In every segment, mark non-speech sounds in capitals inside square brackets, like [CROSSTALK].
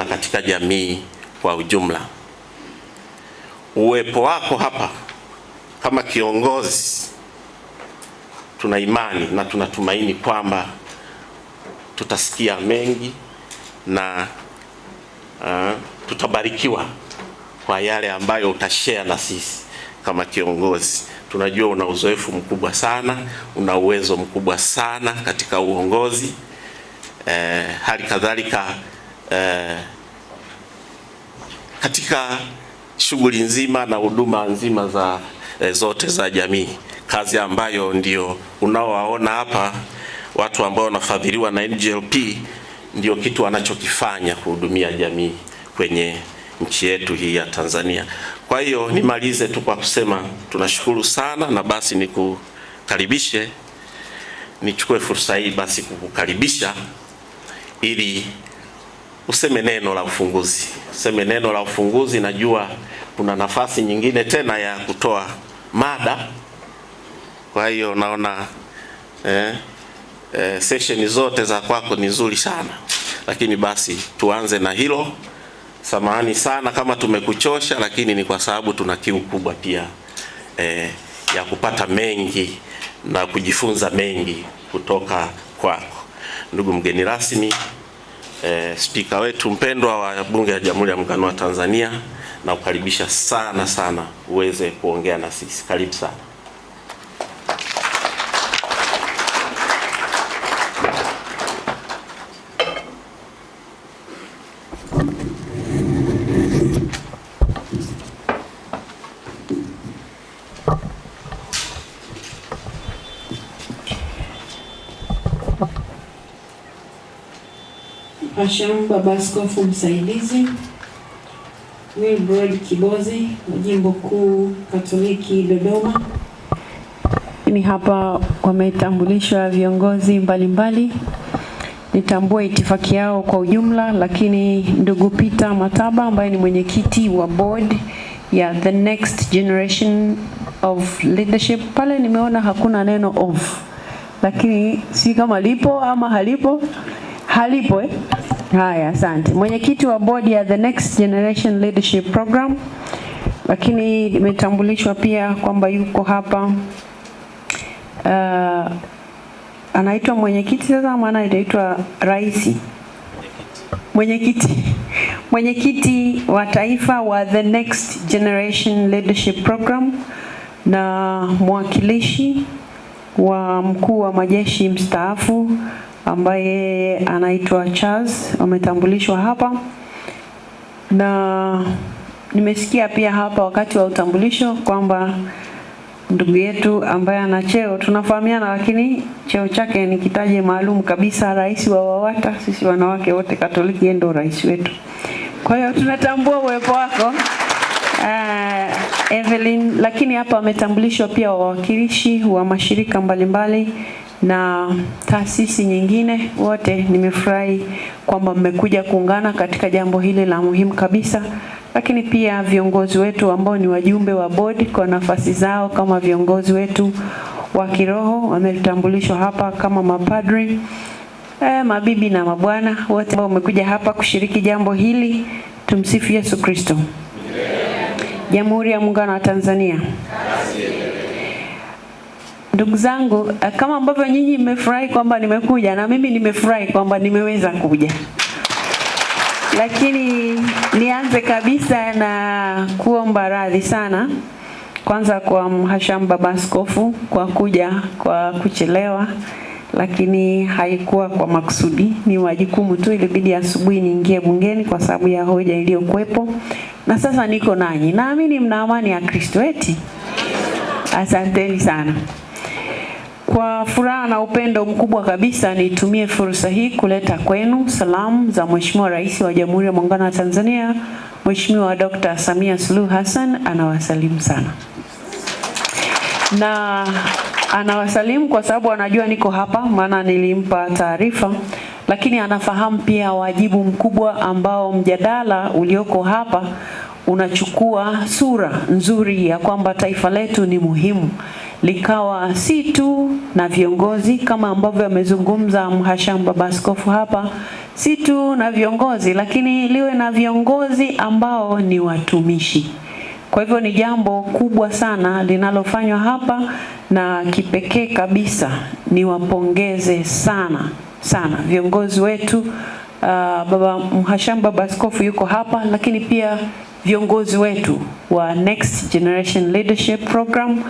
na katika jamii kwa ujumla. Uwepo wako hapa kama kiongozi, tuna imani na tunatumaini kwamba tutasikia mengi na uh, tutabarikiwa kwa yale ambayo utashare na sisi. Kama kiongozi, tunajua una uzoefu mkubwa sana, una uwezo mkubwa sana katika uongozi eh, hali kadhalika eh, katika shughuli nzima na huduma nzima za eh, zote za jamii, kazi ambayo ndio unaowaona hapa watu ambao wanafadhiliwa na NGLP ndio kitu wanachokifanya kuhudumia jamii kwenye nchi yetu hii ya Tanzania. Kwa hiyo nimalize tu kwa kusema tunashukuru sana, na basi nikukaribishe, nichukue fursa hii basi kukukaribisha ili useme neno la ufunguzi, useme neno la ufunguzi. Najua kuna nafasi nyingine tena ya kutoa mada, kwa hiyo naona eh, eh, sesheni zote za kwako ni nzuri sana, lakini basi tuanze na hilo. Samahani sana kama tumekuchosha, lakini ni kwa sababu tuna kiu kubwa pia eh, ya kupata mengi na kujifunza mengi kutoka kwako, ndugu mgeni rasmi e, spika wetu mpendwa wa Bunge la Jamhuri ya Muungano wa Tanzania, na kukaribisha sana sana uweze kuongea na sisi. Karibu sana. Hasham Baba Askofu Msaidizi Wilbrod Kibozi wa Jimbo Kuu Katoliki Dodoma. Ni hapa wametambulishwa viongozi mbalimbali, nitambue itifaki yao kwa ujumla, lakini ndugu Peter Mataba ambaye ni mwenyekiti wa board ya The Next Generation of Leadership, pale nimeona hakuna neno of, lakini si kama lipo ama halipo, halipo eh? Haya, asante mwenyekiti wa bodi ya The Next Generation Leadership Program, lakini imetambulishwa pia kwamba yuko hapa uh, anaitwa mwenyekiti sasa, maana anaitwa rais mwenyekiti mwenyekiti wa taifa wa The Next Generation Leadership Program na mwakilishi wa mkuu wa majeshi mstaafu ambaye anaitwa Charles ametambulishwa hapa, na nimesikia pia hapa wakati wa utambulisho kwamba ndugu yetu ambaye ana cheo tunafahamiana, lakini cheo chake ni kitaje maalum kabisa, rais wa WAWATA. Sisi wanawake wote Katoliki, yeye ndio rais wetu. Kwa hiyo tunatambua uwepo wako uh, Evelyn, lakini hapa ametambulishwa pia wawakilishi wa mashirika mbalimbali mbali, na taasisi nyingine wote, nimefurahi kwamba mmekuja kuungana katika jambo hili la muhimu kabisa, lakini pia viongozi wetu ambao ni wajumbe wa bodi kwa nafasi zao kama viongozi wetu wa kiroho wametambulishwa hapa kama mapadri. eh, mabibi na mabwana wote ambao wamekuja hapa kushiriki jambo hili, tumsifu Yesu Kristo. Jamhuri ya Muungano wa Tanzania. Ndugu zangu, eh, kama ambavyo nyinyi mmefurahi kwamba nimekuja na mimi nimefurahi kwamba nimeweza kuja, lakini nianze kabisa na kuomba radhi sana kwanza kwa Mhashamu Baba Askofu kwa kuja kwa kuchelewa, lakini haikuwa kwa makusudi, ni majukumu tu. Ilibidi asubuhi niingie bungeni kwa sababu ya hoja iliyokuwepo, na sasa niko nanyi. Naamini mna amani ya Kristo. Eti asanteni sana. Kwa furaha na upendo mkubwa kabisa nitumie fursa hii kuleta kwenu salamu za Mheshimiwa Rais wa Jamhuri ya Muungano wa Tanzania, Mheshimiwa Dr. Samia Suluhu Hassan anawasalimu sana na anawasalimu kwa sababu anajua niko hapa, maana nilimpa taarifa, lakini anafahamu pia wajibu mkubwa ambao mjadala ulioko hapa unachukua sura nzuri ya kwamba taifa letu ni muhimu likawa si tu na viongozi kama ambavyo amezungumza Mhashamu Baba Askofu hapa, si tu na viongozi, lakini liwe na viongozi ambao ni watumishi. Kwa hivyo ni jambo kubwa sana linalofanywa hapa, na kipekee kabisa niwapongeze sana sana viongozi wetu. Uh, baba Mhashamu Baba Askofu yuko hapa, lakini pia viongozi wetu wa Next Generation Leadership Program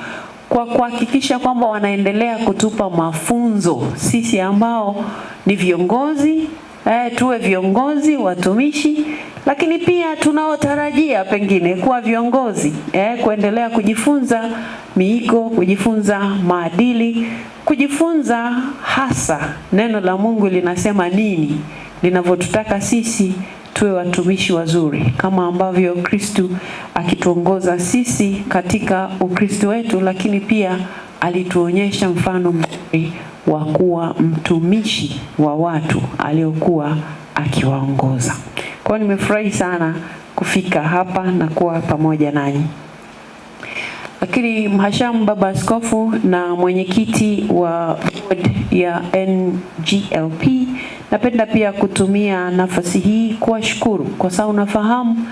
kwa kuhakikisha kwamba wanaendelea kutupa mafunzo sisi ambao ni viongozi eh, tuwe viongozi watumishi, lakini pia tunaotarajia pengine kuwa viongozi eh, kuendelea kujifunza miiko, kujifunza maadili, kujifunza hasa neno la Mungu linasema nini linavyotutaka sisi tuwe watumishi wazuri kama ambavyo Kristu akituongoza sisi katika Ukristo wetu, lakini pia alituonyesha mfano mzuri wa kuwa mtumishi wa watu aliokuwa akiwaongoza. Kwa hiyo nimefurahi sana kufika hapa na kuwa pamoja nanyi. Lakini mhashamu baba askofu na mwenyekiti wa board ya NGLP, napenda pia kutumia nafasi hii kuwashukuru kwa sababu unafahamu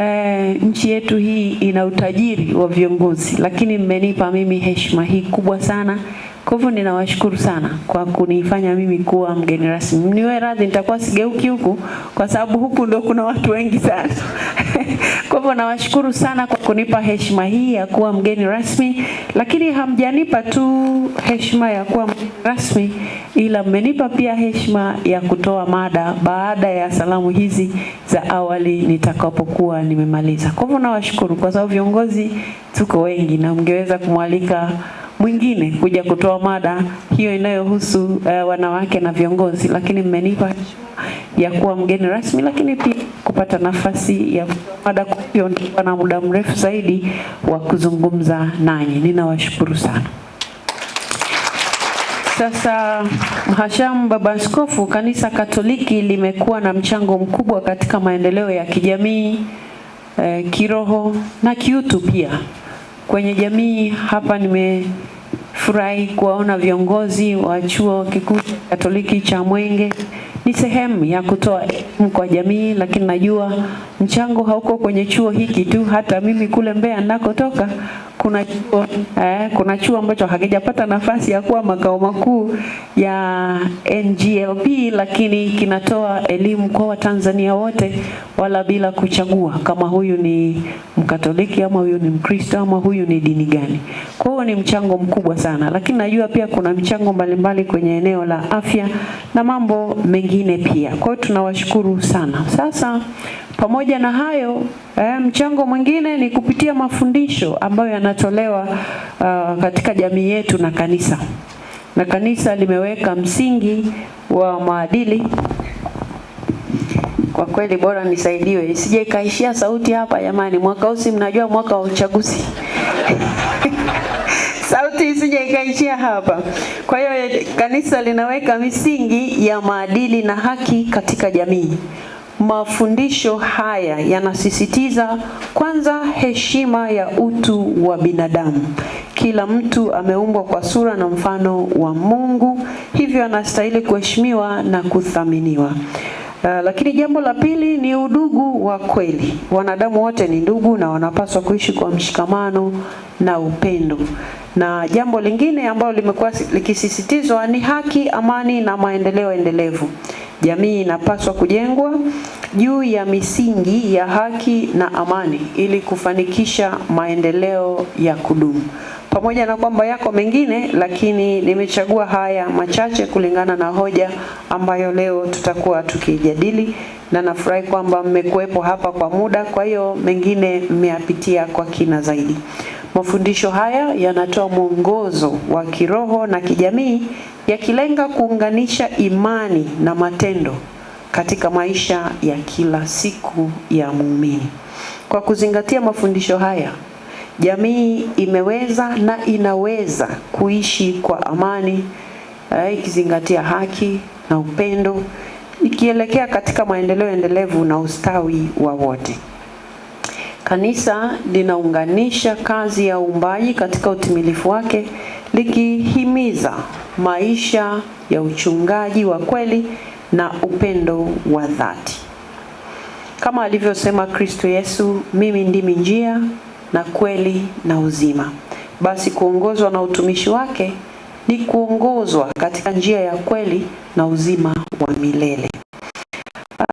e, nchi yetu hii ina utajiri wa viongozi, lakini mmenipa mimi heshima hii kubwa sana kwa hivyo ninawashukuru sana kwa kunifanya mimi kuwa mgeni rasmi. Niwe radhi nitakuwa sigeuki huku kwa sababu huku ndio kuna watu wengi sana. [LAUGHS] Kwa hivyo nawashukuru sana kwa kunipa heshima hii ya kuwa mgeni rasmi, lakini hamjanipa tu heshima ya kuwa mgeni rasmi, ila mmenipa pia heshima ya kutoa mada baada ya salamu hizi za awali nitakapokuwa nimemaliza. Kwa hivyo nawashukuru kwa sababu viongozi tuko wengi na mngeweza kumwalika mwingine kuja kutoa mada hiyo inayohusu uh, wanawake na viongozi, lakini mmenipa ya kuwa mgeni rasmi, lakini pia kupata nafasi ya mada, hiyo na muda mrefu zaidi wa kuzungumza nanyi. Ninawashukuru sana. Sasa Mhashamu Baba Askofu, Kanisa Katoliki limekuwa na mchango mkubwa katika maendeleo ya kijamii eh, kiroho na kiutu pia kwenye jamii hapa. Nimefurahi kuwaona viongozi wa chuo kikuu cha Katoliki cha Mwenge. Ni sehemu ya kutoa elimu kwa jamii, lakini najua mchango hauko kwenye chuo hiki tu, hata mimi kule Mbeya ninakotoka kuna chuo eh, kuna chuo ambacho hakijapata nafasi ya kuwa makao makuu ya NGLP, lakini kinatoa elimu kwa Watanzania wote wala bila kuchagua kama huyu ni Mkatoliki ama huyu ni Mkristo ama huyu ni dini gani. Kwa hiyo ni mchango mkubwa sana, lakini najua pia kuna mchango mbalimbali kwenye eneo la afya na mambo mengine pia. Kwa hiyo tunawashukuru sana. Sasa pamoja na hayo eh, mchango mwingine ni kupitia mafundisho ambayo yanatolewa uh, katika jamii yetu na kanisa. Na kanisa limeweka msingi wa maadili. Kwa kweli bora nisaidiwe isije ikaishia sauti hapa jamani, mwaka usi, mnajua mwaka wa uchaguzi [LAUGHS] sauti isije ikaishia hapa. Kwa hiyo kanisa linaweka misingi ya maadili na haki katika jamii. Mafundisho haya yanasisitiza kwanza heshima ya utu wa binadamu. Kila mtu ameumbwa kwa sura na mfano wa Mungu, hivyo anastahili kuheshimiwa na kuthaminiwa. Uh, lakini jambo la pili ni udugu wa kweli. Wanadamu wote ni ndugu na wanapaswa kuishi kwa mshikamano na upendo. Na jambo lingine ambalo limekuwa likisisitizwa ni haki, amani na maendeleo endelevu. Jamii inapaswa kujengwa juu ya misingi ya haki na amani ili kufanikisha maendeleo ya kudumu. Pamoja na kwamba yako mengine, lakini nimechagua haya machache kulingana na hoja ambayo leo tutakuwa tukijadili, na nafurahi kwamba mmekuwepo hapa kwa muda, kwa hiyo mengine mmeyapitia kwa kina zaidi. Mafundisho haya yanatoa mwongozo wa kiroho na kijamii yakilenga kuunganisha imani na matendo katika maisha ya kila siku ya muumini. Kwa kuzingatia mafundisho haya, jamii imeweza na inaweza kuishi kwa amani eh, ikizingatia haki na upendo, ikielekea katika maendeleo endelevu na ustawi wa wote. Kanisa linaunganisha kazi ya uumbaji katika utimilifu wake likihimiza maisha ya uchungaji wa kweli na upendo wa dhati. Kama alivyosema Kristo Yesu, mimi ndimi njia na kweli na uzima. Basi kuongozwa na utumishi wake ni kuongozwa katika njia ya kweli na uzima wa milele.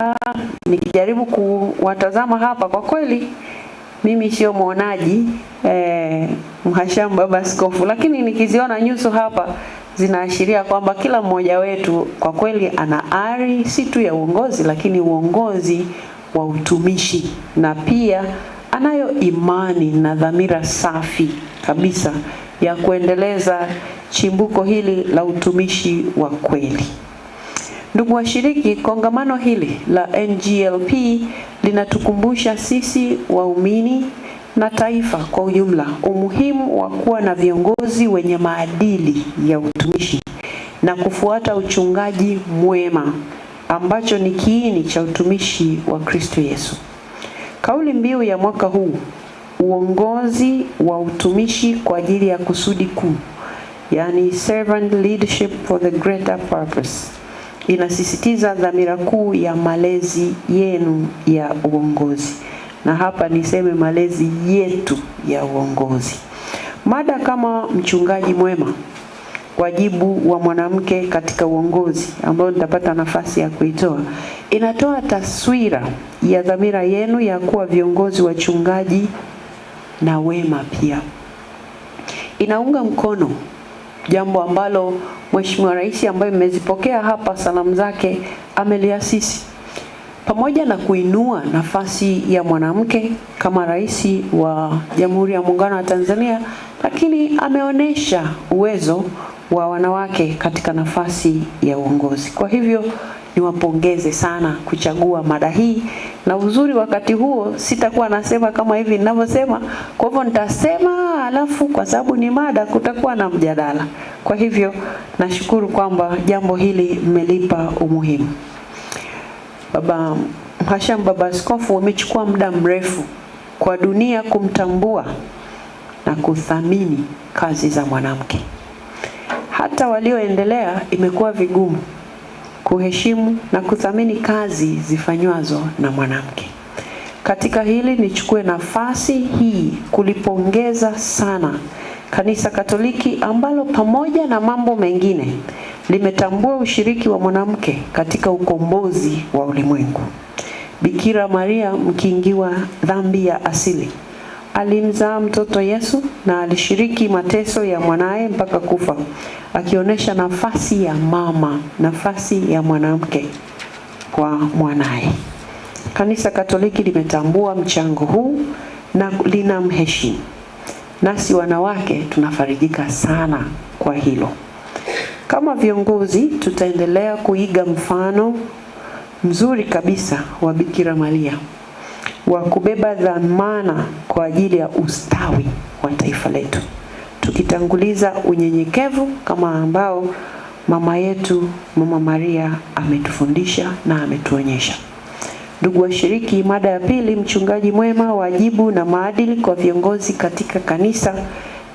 Aa, ah, nikijaribu kuwatazama hapa kwa kweli mimi sio mwonaji eh, mhashamu baba askofu, lakini nikiziona nyuso hapa zinaashiria kwamba kila mmoja wetu kwa kweli ana ari si tu ya uongozi, lakini uongozi wa utumishi na pia anayo imani na dhamira safi kabisa ya kuendeleza chimbuko hili la utumishi wa kweli. Ndugu washiriki, kongamano hili la NGLP linatukumbusha sisi waumini na taifa kwa ujumla umuhimu wa kuwa na viongozi wenye maadili ya utumishi na kufuata uchungaji mwema ambacho ni kiini cha utumishi wa Kristo Yesu. Kauli mbiu ya mwaka huu, uongozi wa utumishi kwa ajili ya kusudi kuu, yani servant leadership for the greater purpose inasisitiza dhamira kuu ya malezi yenu ya uongozi, na hapa niseme malezi yetu ya uongozi. Mada kama mchungaji mwema, wajibu wa mwanamke katika uongozi, ambayo nitapata nafasi ya kuitoa, inatoa taswira ya dhamira yenu ya kuwa viongozi wachungaji na wema. Pia inaunga mkono jambo ambalo Mheshimiwa Rais ambaye mmezipokea hapa salamu zake, ameliasisi pamoja na kuinua nafasi ya mwanamke kama rais wa Jamhuri ya Muungano wa Tanzania, lakini ameonyesha uwezo wa wanawake katika nafasi ya uongozi. Kwa hivyo niwapongeze sana kuchagua mada hii, na uzuri wakati huo sitakuwa nasema kama hivi ninavyosema. Kwa hivyo nitasema, alafu kwa sababu ni mada, kutakuwa na mjadala. Kwa hivyo nashukuru kwamba jambo hili mmelipa umuhimu. Baba Mhashamu, Baba Askofu, wamechukua muda mrefu kwa dunia kumtambua na kuthamini kazi za mwanamke. Hata walioendelea imekuwa vigumu kuheshimu na kuthamini kazi zifanywazo na mwanamke. Katika hili nichukue nafasi hii kulipongeza sana Kanisa Katoliki ambalo pamoja na mambo mengine limetambua ushiriki wa mwanamke katika ukombozi wa ulimwengu. Bikira Maria mkingiwa dhambi ya asili Alimzaa mtoto Yesu na alishiriki mateso ya mwanaye mpaka kufa, akionyesha nafasi ya mama, nafasi ya mwanamke kwa mwanaye. Kanisa Katoliki limetambua mchango huu na linamheshimu. Nasi wanawake tunafarijika sana kwa hilo. Kama viongozi, tutaendelea kuiga mfano mzuri kabisa wa Bikira Maria wa kubeba dhamana kwa ajili ya ustawi wa taifa letu, tukitanguliza unyenyekevu kama ambao mama yetu Mama Maria ametufundisha na ametuonyesha. Ndugu washiriki, mada ya pili, mchungaji mwema, wajibu na maadili kwa viongozi katika kanisa,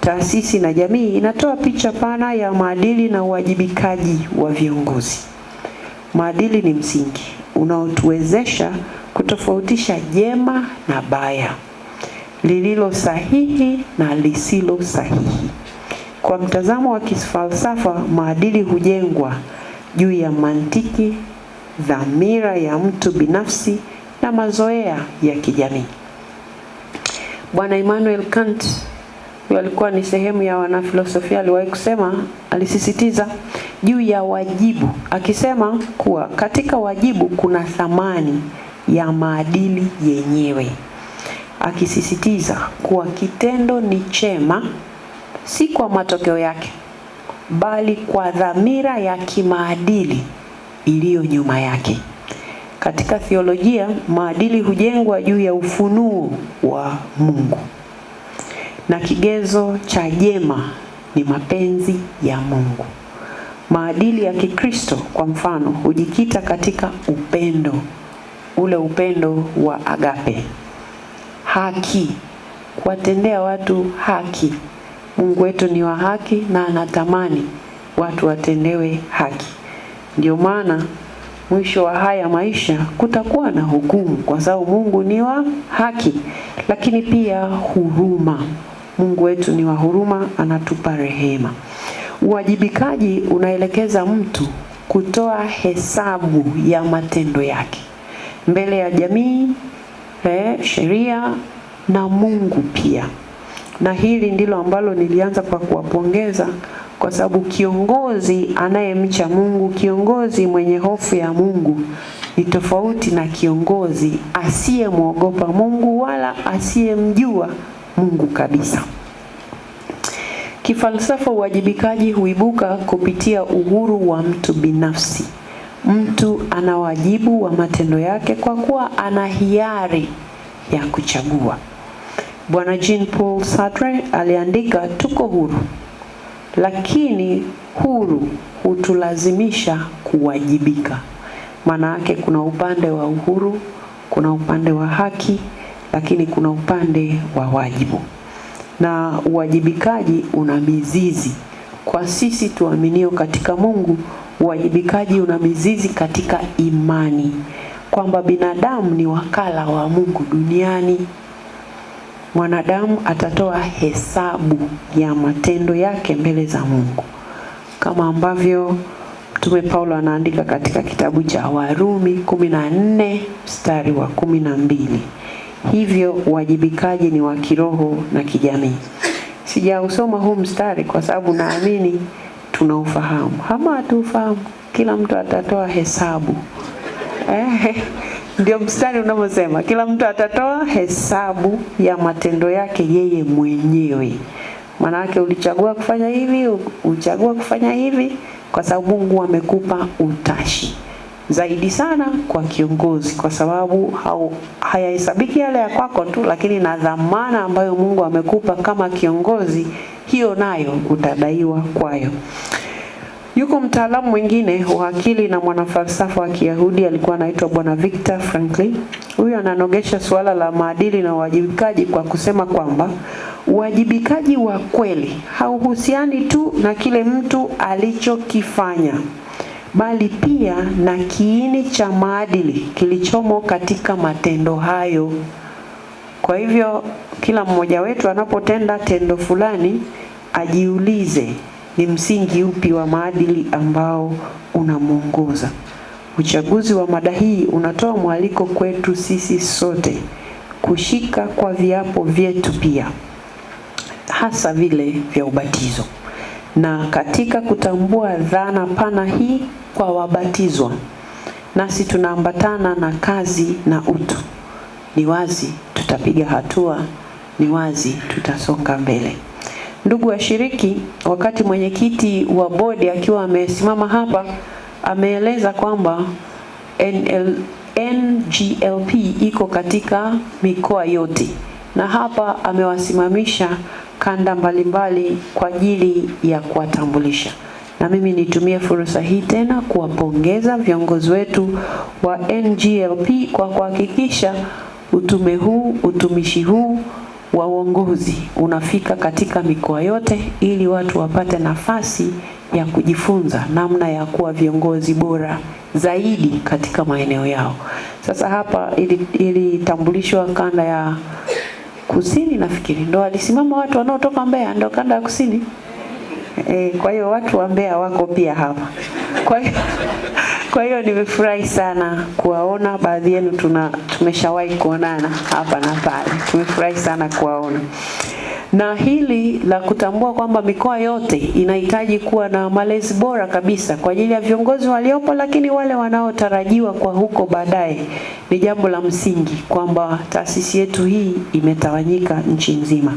taasisi na jamii, inatoa picha pana ya maadili na uwajibikaji wa viongozi. Maadili ni msingi unaotuwezesha kutofautisha jema na baya, lililo sahihi na lisilo sahihi. Kwa mtazamo wa kifalsafa, maadili hujengwa juu ya mantiki, dhamira ya mtu binafsi na mazoea ya kijamii. Bwana Immanuel Kant huyo alikuwa ni sehemu ya wanafilosofia, aliwahi kusema, alisisitiza juu ya wajibu akisema kuwa katika wajibu kuna thamani ya maadili yenyewe, akisisitiza kuwa kitendo ni chema si kwa matokeo yake, bali kwa dhamira ya kimaadili iliyo nyuma yake. Katika theolojia, maadili hujengwa juu ya ufunuo wa Mungu na kigezo cha jema ni mapenzi ya Mungu. Maadili ya Kikristo kwa mfano hujikita katika upendo ule upendo wa agape, haki, kuwatendea watu haki. Mungu wetu ni wa haki na anatamani watu watendewe haki. Ndio maana mwisho wa haya maisha kutakuwa na hukumu, kwa sababu Mungu ni wa haki, lakini pia huruma. Mungu wetu ni wa huruma, anatupa rehema. Uwajibikaji unaelekeza mtu kutoa hesabu ya matendo yake mbele ya jamii eh, sheria na Mungu pia. Na hili ndilo ambalo nilianza kwa kuwapongeza kwa sababu kiongozi anayemcha Mungu, kiongozi mwenye hofu ya Mungu ni tofauti na kiongozi asiyemwogopa Mungu wala asiyemjua Mungu kabisa. Kifalsafa, uwajibikaji huibuka kupitia uhuru wa mtu binafsi. Mtu ana wajibu wa matendo yake kwa kuwa ana hiari ya kuchagua. Bwana Jean Paul Sartre aliandika, tuko huru, lakini huru hutulazimisha kuwajibika. Maana yake kuna upande wa uhuru, kuna upande wa haki, lakini kuna upande wa wajibu, na uwajibikaji una mizizi kwa sisi tuaminio katika Mungu, uwajibikaji una mizizi katika imani kwamba binadamu ni wakala wa Mungu duniani. Mwanadamu atatoa hesabu ya matendo yake mbele za Mungu, kama ambavyo Mtume Paulo anaandika katika kitabu cha Warumi kumi na nne mstari wa kumi na mbili. Hivyo uwajibikaji ni wa kiroho na kijamii. Sijausoma huu mstari kwa sababu naamini tunaufahamu. Kama hatufahamu, kila mtu atatoa hesabu eh, ndio mstari unavyosema, kila mtu atatoa hesabu ya matendo yake yeye mwenyewe. Maanake ulichagua kufanya hivi, uchagua kufanya hivi, kwa sababu Mungu amekupa utashi zaidi sana kwa kiongozi, kwa sababu hayahesabiki yale ya kwako tu, lakini na dhamana ambayo Mungu amekupa kama kiongozi, hiyo nayo utadaiwa kwayo. Yuko mtaalamu mwingine wa akili na mwanafalsafa wa Kiyahudi alikuwa anaitwa Bwana Victor Franklin. Huyu ananogesha suala la maadili na uwajibikaji kwa kusema kwamba uwajibikaji wa kweli hauhusiani tu na kile mtu alichokifanya bali pia na kiini cha maadili kilichomo katika matendo hayo. Kwa hivyo kila mmoja wetu anapotenda tendo fulani ajiulize ni msingi upi wa maadili ambao unamwongoza. Uchaguzi wa mada hii unatoa mwaliko kwetu sisi sote kushika kwa viapo vyetu pia hasa vile vya ubatizo na katika kutambua dhana pana hii kwa wabatizwa, nasi tunaambatana na kazi na utu, ni wazi tutapiga hatua, ni wazi tutasonga mbele. Ndugu washiriki, wakati mwenyekiti wa bodi akiwa amesimama hapa ameeleza kwamba NL, NGLP iko katika mikoa yote na hapa amewasimamisha kanda mbalimbali kwa ajili ya kuwatambulisha. Na mimi nitumie fursa hii tena kuwapongeza viongozi wetu wa NGLP kwa kuhakikisha utume huu, utumishi huu wa uongozi unafika katika mikoa yote ili watu wapate nafasi ya kujifunza namna ya kuwa viongozi bora zaidi katika maeneo yao. Sasa hapa ilitambulishwa ili kanda ya kusini, nafikiri ndo walisimama watu wanaotoka Mbeya, ndo kanda ya kusini. E, kwa hiyo watu wa Mbeya wako pia hapa. Kwa hiyo [LAUGHS] kwa hiyo nimefurahi sana kuwaona baadhi yenu, tuna tumeshawahi kuonana hapa na pale. Tumefurahi sana kuwaona na hili la kutambua kwamba mikoa yote inahitaji kuwa na malezi bora kabisa kwa ajili ya viongozi waliopo, lakini wale wanaotarajiwa kwa huko baadaye, ni jambo la msingi kwamba taasisi yetu hii imetawanyika nchi nzima,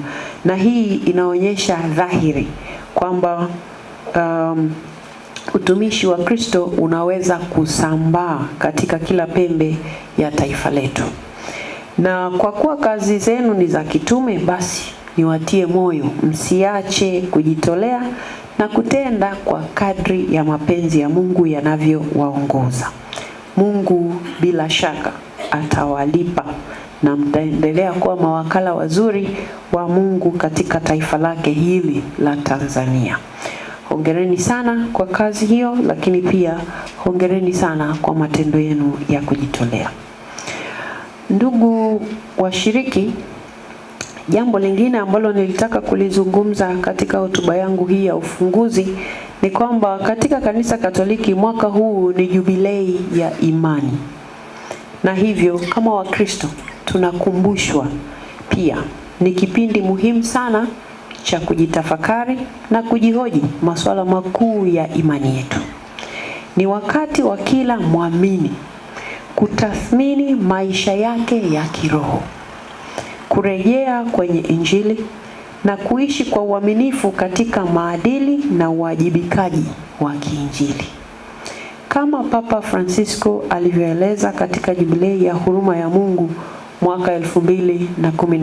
na hii inaonyesha dhahiri kwamba um, utumishi wa Kristo unaweza kusambaa katika kila pembe ya taifa letu, na kwa kuwa kazi zenu ni za kitume basi niwatie moyo msiache kujitolea na kutenda kwa kadri ya mapenzi ya Mungu yanavyowaongoza. Mungu bila shaka atawalipa na mtaendelea kuwa mawakala wazuri wa Mungu katika taifa lake hili la Tanzania. Hongereni sana kwa kazi hiyo, lakini pia hongereni sana kwa matendo yenu ya kujitolea. Ndugu washiriki Jambo lingine ambalo nilitaka kulizungumza katika hotuba yangu hii ya ufunguzi ni kwamba katika Kanisa Katoliki mwaka huu ni jubilei ya imani, na hivyo kama Wakristo tunakumbushwa pia ni kipindi muhimu sana cha kujitafakari na kujihoji masuala makuu ya imani yetu. Ni wakati wa kila mwamini kutathmini maisha yake ya kiroho kurejea kwenye Injili na kuishi kwa uaminifu katika maadili na uwajibikaji wa kiinjili. Kama Papa Francisco alivyoeleza katika Jubilei ya Huruma ya Mungu mwaka 2015, na kumi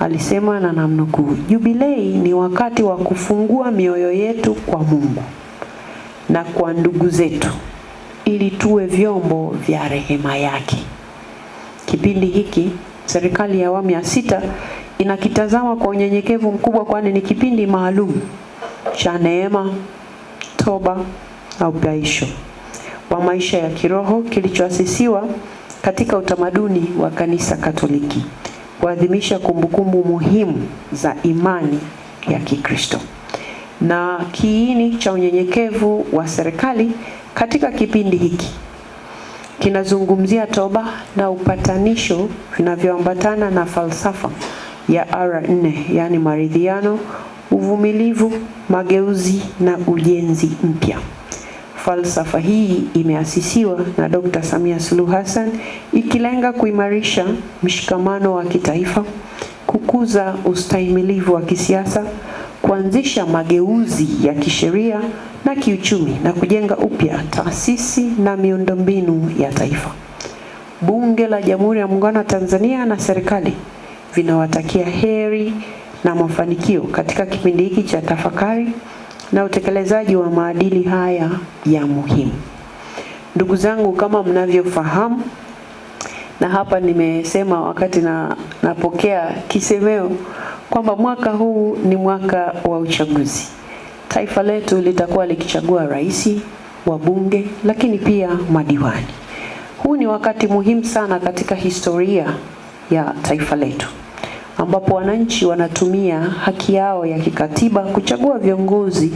alisema, na namnukuu, Jubilei ni wakati wa kufungua mioyo yetu kwa Mungu na kwa ndugu zetu ili tuwe vyombo vya rehema yake. Kipindi hiki Serikali ya awamu ya sita inakitazama kwa unyenyekevu mkubwa, kwani ni kipindi maalum cha neema, toba na ubaisho wa maisha ya kiroho kilichoasisiwa katika utamaduni wa Kanisa Katoliki kuadhimisha kumbukumbu muhimu za imani ya Kikristo. Na kiini cha unyenyekevu wa serikali katika kipindi hiki kinazungumzia toba na upatanisho vinavyoambatana na falsafa ya R4, yaani maridhiano, uvumilivu, mageuzi na ujenzi mpya. Falsafa hii imeasisiwa na Dr. Samia Suluhu Hassan ikilenga kuimarisha mshikamano wa kitaifa, kukuza ustahimilivu wa kisiasa kuanzisha mageuzi ya kisheria na kiuchumi na kujenga upya taasisi na miundombinu ya taifa. Bunge la Jamhuri ya Muungano wa Tanzania na serikali vinawatakia heri na mafanikio katika kipindi hiki cha tafakari na utekelezaji wa maadili haya ya muhimu. Ndugu zangu, kama mnavyofahamu, na hapa nimesema wakati na napokea kisemeo kwamba mwaka huu ni mwaka wa uchaguzi. Taifa letu litakuwa likichagua rais, wabunge, lakini pia madiwani. Huu ni wakati muhimu sana katika historia ya taifa letu ambapo wananchi wanatumia haki yao ya kikatiba kuchagua viongozi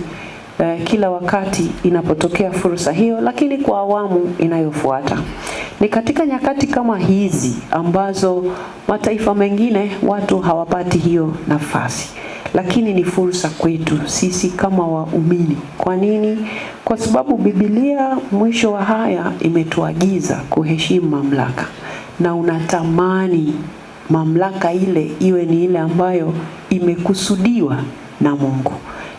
eh, kila wakati inapotokea fursa hiyo, lakini kwa awamu inayofuata. Ni katika nyakati kama hizi ambazo mataifa mengine watu hawapati hiyo nafasi, lakini ni fursa kwetu sisi kama waumini. Kwa nini? Kwa sababu Biblia mwisho wa haya imetuagiza kuheshimu mamlaka, na unatamani mamlaka ile iwe ni ile ambayo imekusudiwa na Mungu,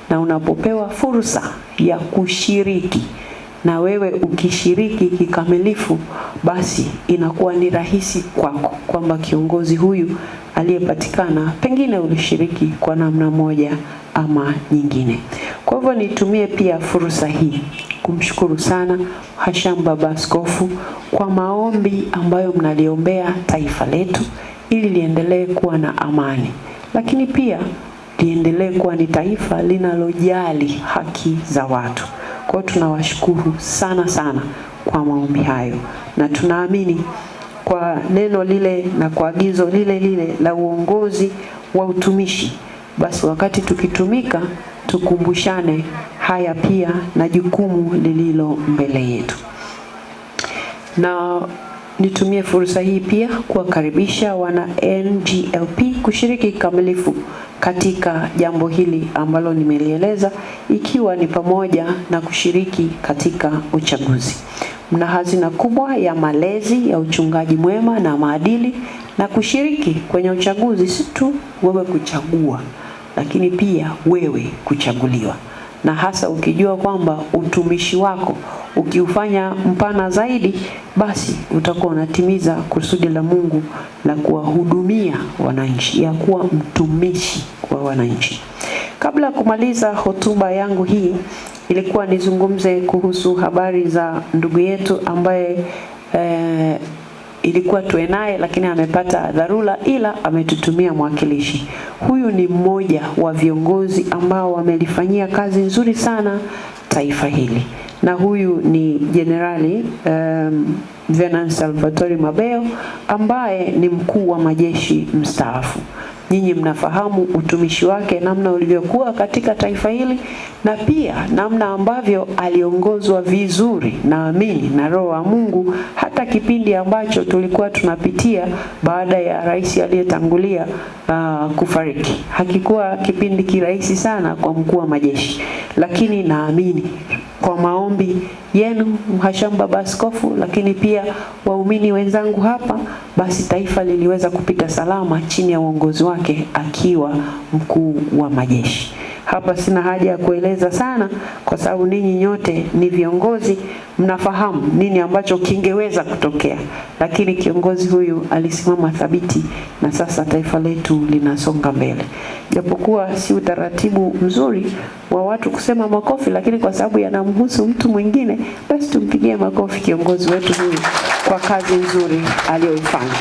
na unapopewa fursa ya kushiriki na wewe ukishiriki kikamilifu, basi inakuwa ni rahisi kwako kwamba kiongozi huyu aliyepatikana pengine ulishiriki kwa namna moja ama nyingine. Kwa hivyo nitumie pia fursa hii kumshukuru sana Hasham Baba Askofu kwa maombi ambayo mnaliombea taifa letu ili liendelee kuwa na amani, lakini pia liendelee kuwa ni taifa linalojali haki za watu. Kwa hiyo tunawashukuru sana sana kwa maombi hayo, na tunaamini kwa neno lile na kwa agizo lile lile la uongozi wa utumishi, basi wakati tukitumika tukumbushane haya pia na jukumu lililo mbele yetu na Nitumie fursa hii pia kuwakaribisha wana NGLP kushiriki kikamilifu katika jambo hili ambalo nimelieleza, ikiwa ni pamoja na kushiriki katika uchaguzi. Mna hazina kubwa ya malezi ya uchungaji mwema na maadili, na kushiriki kwenye uchaguzi si tu wewe kuchagua, lakini pia wewe kuchaguliwa na hasa ukijua kwamba utumishi wako ukiufanya mpana zaidi, basi utakuwa unatimiza kusudi la Mungu la kuwahudumia wananchi, ya kuwa mtumishi wa wananchi. Kabla ya kumaliza hotuba yangu hii, ilikuwa nizungumze kuhusu habari za ndugu yetu ambaye eh, ilikuwa tuwe naye, lakini amepata dharura, ila ametutumia mwakilishi. Huyu ni mmoja wa viongozi ambao wamelifanyia kazi nzuri sana taifa hili, na huyu ni Jenerali um, Venance Salvatore Mabeo ambaye ni mkuu wa majeshi mstaafu. Nyinyi mnafahamu utumishi wake namna ulivyokuwa katika taifa hili na pia namna ambavyo aliongozwa vizuri, naamini na, na Roho wa Mungu hata kipindi ambacho tulikuwa tunapitia baada ya rais aliyetangulia uh, kufariki. Hakikuwa kipindi kirahisi sana kwa mkuu wa majeshi, lakini naamini kwa maombi yenu Mhashamu Baba Askofu, lakini pia waumini wenzangu hapa, basi taifa liliweza kupita salama chini ya uongozi wake akiwa mkuu wa majeshi. Hapa sina haja ya kueleza sana, kwa sababu ninyi nyote ni viongozi, mnafahamu nini ambacho kingeweza kutokea, lakini kiongozi huyu alisimama thabiti, na sasa taifa letu linasonga mbele, japokuwa si utaratibu mzuri wa watu kusema makofi, lakini kwa sababu yanamhusu mtu mwingine, basi tumpigie makofi kiongozi wetu huyu kwa kazi nzuri aliyoifanya.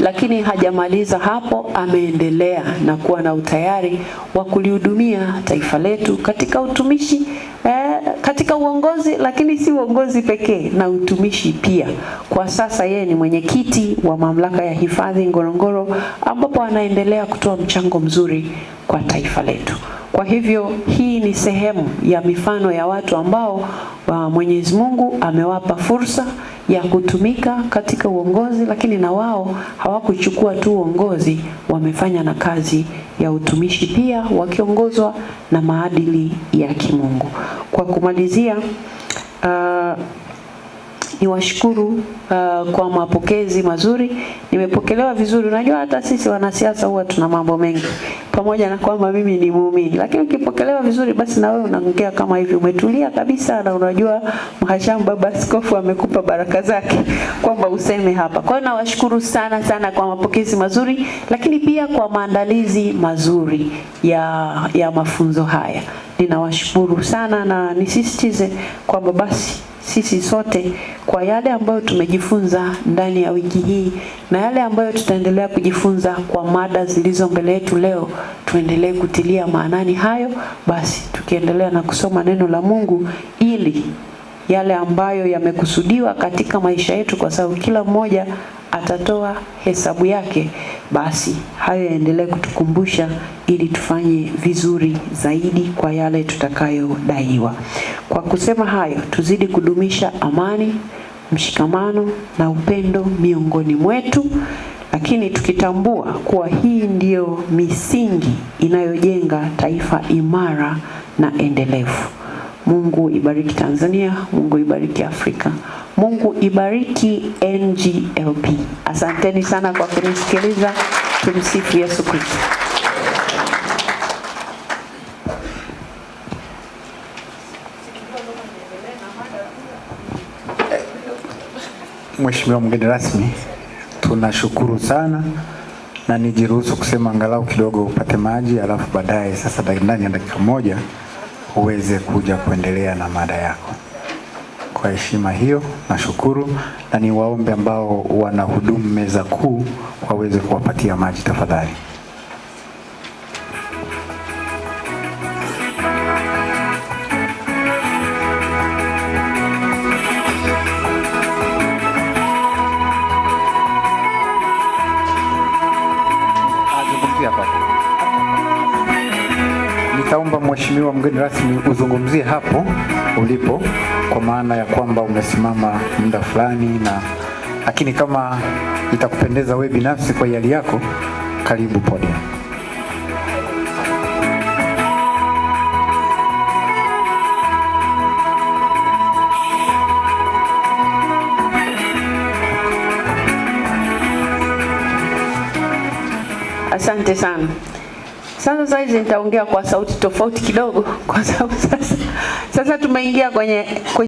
Lakini hajamaliza hapo, ameendelea na kuwa na utayari wa kulihudumia taifa letu katika utumishi eh, katika uongozi, lakini si uongozi pekee, na utumishi pia. Kwa sasa yeye ni mwenyekiti wa mamlaka ya hifadhi Ngorongoro, ambapo anaendelea kutoa mchango mzuri kwa taifa letu. Kwa hivyo hii ni sehemu ya mifano ya watu ambao wa Mwenyezi Mungu amewapa fursa ya kutumika katika uongozi, lakini na wao hawakuchukua tu uongozi, wamefanya na kazi ya utumishi pia, wakiongozwa na maadili ya kimungu. Kwa kumalizia uh, niwashukuru uh, kwa mapokezi mazuri, nimepokelewa vizuri. Unajua hata sisi wanasiasa huwa tuna mambo mengi, pamoja na kwamba mimi ni muumini, lakini ukipokelewa vizuri, basi na wewe unaongea kama hivi, umetulia kabisa, na unajua mhashamu baba askofu amekupa baraka zake kwamba useme hapa. Kwa hiyo nawashukuru sana sana kwa mapokezi mazuri, lakini pia kwa maandalizi mazuri ya, ya mafunzo haya. Ninawashukuru sana na nisisitize kwamba basi sisi sote kwa yale ambayo tumejifunza ndani ya wiki hii na yale ambayo tutaendelea kujifunza kwa mada zilizo mbele yetu leo, tuendelee kutilia maanani hayo, basi tukiendelea na kusoma neno la Mungu ili yale ambayo yamekusudiwa katika maisha yetu, kwa sababu kila mmoja atatoa hesabu yake, basi hayo yaendelee kutukumbusha ili tufanye vizuri zaidi kwa yale tutakayodaiwa. Kwa kusema hayo, tuzidi kudumisha amani, mshikamano na upendo miongoni mwetu, lakini tukitambua kuwa hii ndiyo misingi inayojenga taifa imara na endelevu. Mungu ibariki Tanzania, Mungu ibariki Afrika. Mungu ibariki NGLP. Asanteni sana kwa kunisikiliza. Tumsifu Yesu Kristo. Mheshimiwa mgeni rasmi, tunashukuru sana na nijiruhusu kusema angalau kidogo upate maji, alafu baadaye sasa ndani ya dakika moja uweze kuja kuendelea na mada yako. Kwa heshima hiyo nashukuru, na niwaombe ambao wanahudumu meza kuu waweze kuwapatia maji tafadhali. kuwa mgeni rasmi, uzungumzie hapo ulipo, kwa maana ya kwamba umesimama muda fulani na lakini, kama itakupendeza wewe binafsi kwa hali yako, karibu podium. Asante sana. Sasa saizi nitaongea kwa sauti tofauti kidogo, kwa sababu sasa sasa tumeingia kwenye, kwenye